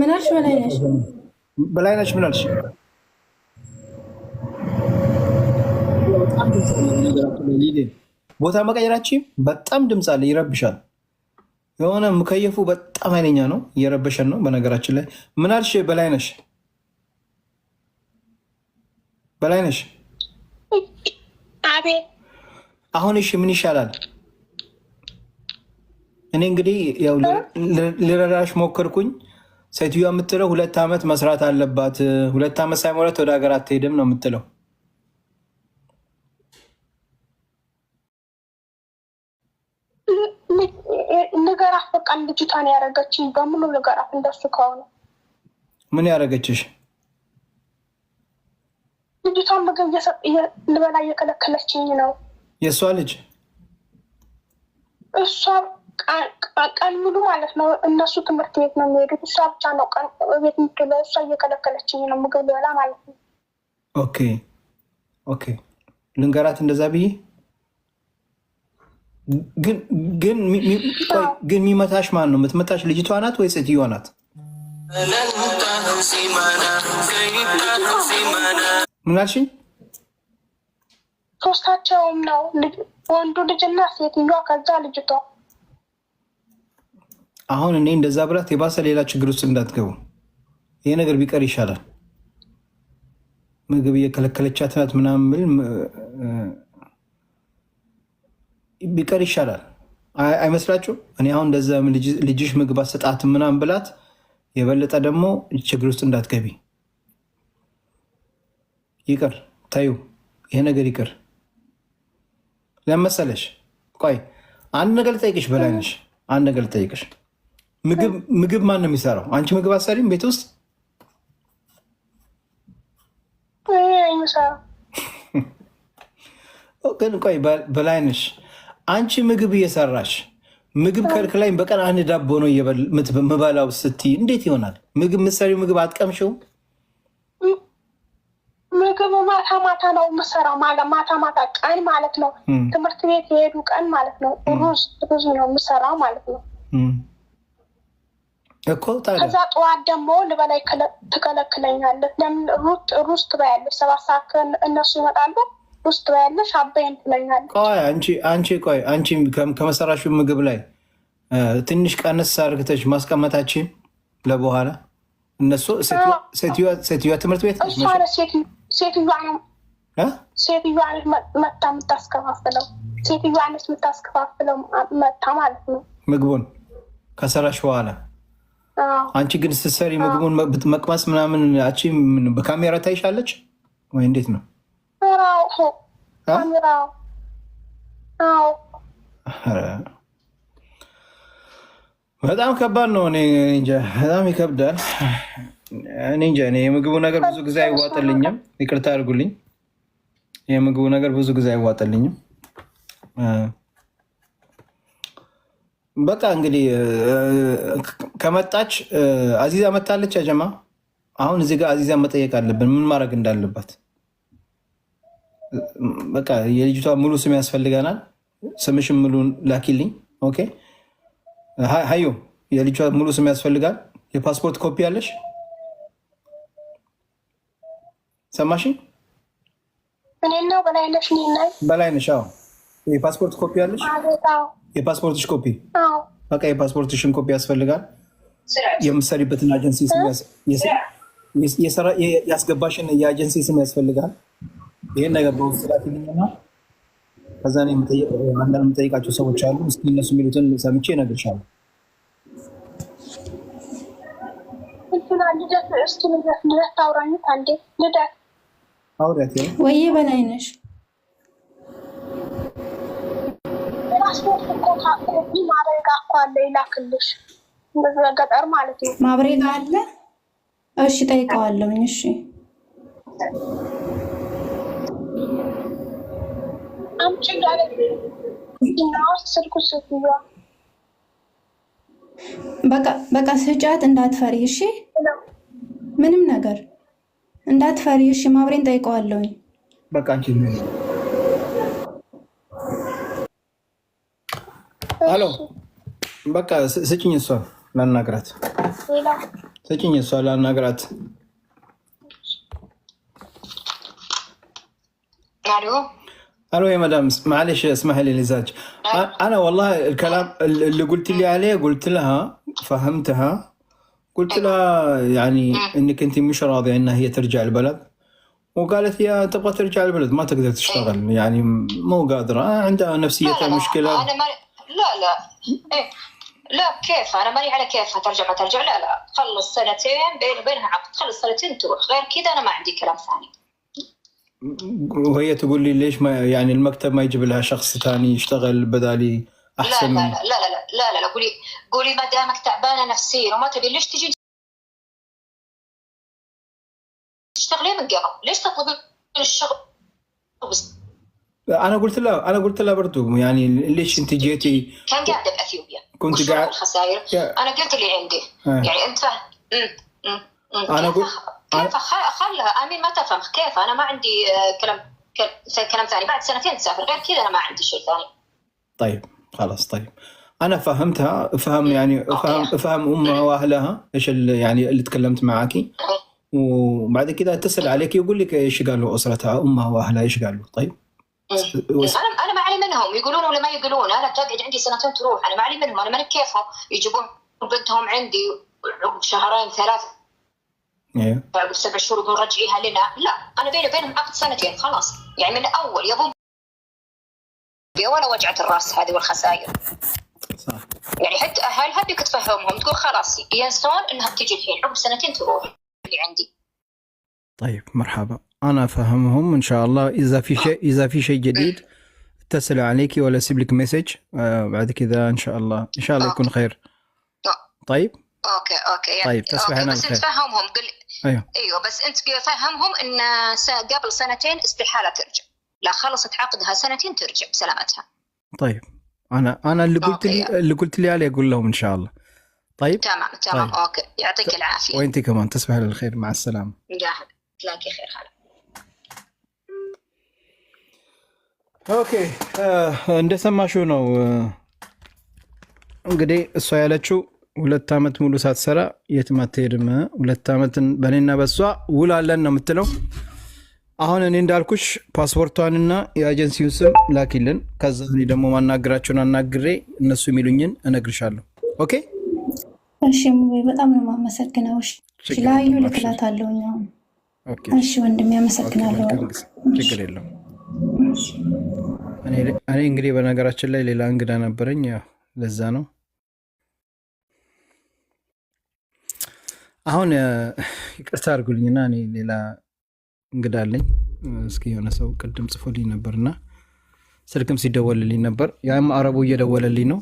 ምን አልሽ? በላይነሽ በላይነሽ ምን አልሽ? ቦታ መቀየራችን በጣም ድምፅ አለ፣ ይረብሻል። የሆነ ምከየፉ በጣም ኃይለኛ ነው፣ እየረበሸን ነው። በነገራችን ላይ ምን አልሽ? በላይነሽ በላይነሽ፣ አሁን እሺ፣ ምን ይሻላል? እኔ እንግዲህ ያው ልረዳሽ ሞከርኩኝ። ሴትዮዋ የምትለው ሁለት ዓመት መስራት አለባት፣ ሁለት ዓመት ሳይሞላት ወደ ሀገር አትሄድም ነው የምትለው። ንገራፍ በቃ ልጅቷን ያደረገችኝ በሙሉ ንገራፍ። እንደሱ ከሆነ ምን ያደረገችሽ? ልጅቷን ምግብ ልበላ እየከለከለችኝ ነው። የእሷ ልጅ እሷ ቀን ሙሉ ማለት ነው እነሱ ትምህርት ቤት ነው የሚሄዱት። እሷ ብቻ ነው ቀን ቤት የምትውለው። እሷ እየከለከለችኝ ነው ምግብ ልበላ ማለት ነው። ኦኬ ኦኬ፣ ልንገራት እንደዛ ብዬ ግን የሚመታሽ ማን ነው? የምትመታሽ ልጅቷ ናት ወይ ሴትዮዋ ናት? ምን አልሽኝ? ሶስታቸውም ነው ወንዱ ልጅና ሴትዮዋ ከዛ ልጅቷ አሁን እኔ እንደዛ ብላት የባሰ ሌላ ችግር ውስጥ እንዳትገቡ። ይሄ ነገር ቢቀር ይሻላል። ምግብ እየከለከለቻት ናት ምናምን ቢቀር ይሻላል አይመስላችሁ? እኔ አሁን እንደዛ ልጅሽ ምግብ አሰጣት ምናምን ብላት የበለጠ ደግሞ ችግር ውስጥ እንዳትገቢ። ይቅር ታዩ፣ ይሄ ነገር ይቅር። ለመሰለሽ ቆይ አንድ ነገር ልጠይቅሽ፣ በላይነሽ አንድ ነገር ልጠይቅሽ ምግብ ማን ነው የሚሰራው? አንቺ ምግብ አሰሪም ቤት ውስጥ ግን ቆይ በላይነሽ አንቺ ምግብ እየሰራሽ ምግብ ላይ በቀን አንድ ዳቦ ነው የምበላው ስትይ እንዴት ይሆናል? ምግብ ምሰሪው ምግብ አትቀምሽውም? ምግብ ማታ ማታ ነው የምሰራው። ማታ ማታ ቀን ማለት ነው ትምህርት ቤት የሄዱ ቀን ማለት ነው ሩዝ ሩዝ ነው የምሰራው ማለት ነው እኮ ከዛ ጠዋት ደግሞ ልበላይ ትከለክለኛለች። ለምን ሩት ሩዝ ትበያለሽ? ሰባት ሰዓት እነሱ ይመጣሉ። ሩዝ ትበያለሽ አበይን ትለኛለች። ቆይ አንቺ ቆይ አንቺ ከመሰራሹ ምግብ ላይ ትንሽ ቀነስ አድርግተሽ ማስቀመጣችን ለበኋላ እነሱ ሴትዮዋ ትምህርት ቤት ሴትዮዋ መታ የምታስከፋፍለው ሴትዮዋ የምታስከፋፍለው መታ ማለት ነው ምግቡን ከሰራሽ በኋላ አንቺ ግን ስትሰሪ ምግቡን መቅመስ ምናምን አቺ በካሜራ ታይሻለች ወይ እንዴት ነው? በጣም ከባድ ነው። እኔ እንጃ በጣም ይከብዳል። እኔ እንጃ እኔ የምግቡ ነገር ብዙ ጊዜ አይዋጥልኝም። ይቅርታ አድርጉልኝ። የምግቡ ነገር ብዙ ጊዜ አይዋጥልኝም። በቃ እንግዲህ ከመጣች አዚዛ መታለች። ያጀማ አሁን እዚህ ጋር አዚዛ መጠየቅ አለብን፣ ምን ማድረግ እንዳለባት በቃ የልጅቷ ሙሉ ስም ያስፈልገናል። ስምሽን ሙሉ ላኪልኝ። ኦኬ ሀዩ፣ የልጅቷ ሙሉ ስም ያስፈልጋል። የፓስፖርት ኮፒ አለሽ? ሰማሽ? እኔ ነው የፓስፖርት ኮፒ አለሽ? የፓስፖርትሽ ኮፒ በቃ የፓስፖርትሽን ኮፒ ያስፈልጋል። የምትሰሪበትን አጀንሲ ስም ያስገባሽን የአጀንሲ ስም ያስፈልጋል። ይህን ነገር በውስጥ ላኪልኝና ከዛ አንዳንድ የምጠይቃቸው ሰዎች አሉ። እስኪ እነሱ የሚሉትን ሰምቼ እነግርሻለሁ። ልደት አውሪያት ወይ በላይነሽ ፓስፖርት እኮ ኮፒ ማድረግ እኮ አለ ይላክልሽ። ገጠር ማለት ነው ማብሬጋ አለ። እሺ ጠይቀዋለሁኝ። እሺ አምጪ ስልኩ በቃ ስጫት እንዳትፈሪ እሺ፣ ምንም ነገር እንዳትፈሪ እሺ። ማብሬን ጠይቀዋለሁኝ በቃ አሎ በቃ ስጭኝ፣ እሷ ላናግራት፣ ስጭኝ፣ እሷ ላናግራት። الو يا مدام معلش اسمح لي الازعاج انا والله الكلام اللي قلت لي عليه قلت لها فهمتها قلت لها يعني انك انت مش راضيه انها هي ترجع البلد وقالت يا تبغى ترجع البلد ما تقدر تشتغل إيه. يعني مو قادره آه، عندها نفسيتها مشكله انا ما لا إيه. لا كيف انا ماني على كيف ترجع ما ترجع لا لا خلص سنتين بيني وبينها عقد خلص سنتين تروح غير كذا انا ما عندي كلام ثاني وهي تقول لي ليش ما يعني المكتب ما يجيب لها شخص ثاني يشتغل بدالي احسن لا لا لا لا لا لا, لا, لا قولي قولي ما دامك تعبانه نفسيا وما تبي ليش تجي تشتغلين من قبل ليش تطلبين الشغل انا قلت لها انا قلت لها برضو يعني ليش انت جيتي كان قاعده باثيوبيا كنت قاعد الخسائر انا قلت اللي عندي آه. يعني انت فاهم انا قلت كيف خلها امين ما تفهم كيف انا ما عندي آه، كلام كلام ثاني بعد سنتين تسافر غير كذا انا ما عندي شيء ثاني طيب خلاص طيب انا فهمتها فهم يعني فهم فهم امها واهلها ايش يعني اللي تكلمت معاكي وبعد كده اتصل عليك يقول لك ايش قالوا اسرتها امها واهلها ايش قالوا طيب بس إيه. انا انا ما علي منهم يقولون ولا ما يقولون انا بتقعد عندي سنتين تروح انا ما علي منهم انا ماني كيفهم يجيبون بنتهم عندي عقب شهرين ثلاث إيه. عقب سبع شهور يقولون رجعيها لنا لا انا بيني وبينهم عقد سنتين خلاص يعني من اول يبون ولا وجعه الراس هذه والخسائر صح يعني حتى اهلها بدك تفهمهم تقول خلاص ينسون انها بتجي الحين عقب سنتين تروح اللي عندي طيب مرحبا انا افهمهم ان شاء الله اذا في شيء اذا في شيء جديد آه. اتصل عليكي ولا اسيب لك مسج آه، بعد كذا ان شاء الله ان شاء الله آه. يكون خير طيب اوكي اوكي يعني طيب تصبح أوكي. بس انت فهمهم قل ايوه ايوه بس انت فهمهم ان قبل سنتين استحاله ترجع لا خلصت عقدها سنتين ترجع بسلامتها طيب انا انا اللي قلت لي اللي قلت لي عليه اقول لهم ان شاء الله طيب تمام تمام طيب. اوكي يعطيك العافيه وانت كمان تصبح على الخير مع السلامه لا تلاقي خير هلا ኦኬ እንደሰማሽው ነው እንግዲህ እሷ ያለችው ሁለት ዓመት ሙሉ ሳትሰራ የትም አትሄድም። ሁለት ዓመትን በእኔና በእሷ ውል አለን ነው የምትለው። አሁን እኔ እንዳልኩሽ ፓስፖርቷንና የአጀንሲውን ስም ላኪልን። ከዛ እኔ ደግሞ ማናገራቸውን አናግሬ እነሱ የሚሉኝን እነግርሻለሁ። ኦኬ እሺ። በጣም ነው የማመሰግነው። ላዩ ልክላት አለውኛ። እሺ ወንድም ያመሰግናለሁ። ችግር የለም። እኔ እንግዲህ በነገራችን ላይ ሌላ እንግዳ ነበረኝ፣ ያው ለዛ ነው። አሁን ይቅርታ አድርጉልኝና እኔ ሌላ እንግዳ አለኝ። እስኪ የሆነ ሰው ቅድም ጽፎልኝ ነበር ስልክም ሲደወልልኝ ነበር። ያም አረቡ እየደወለልኝ ነው።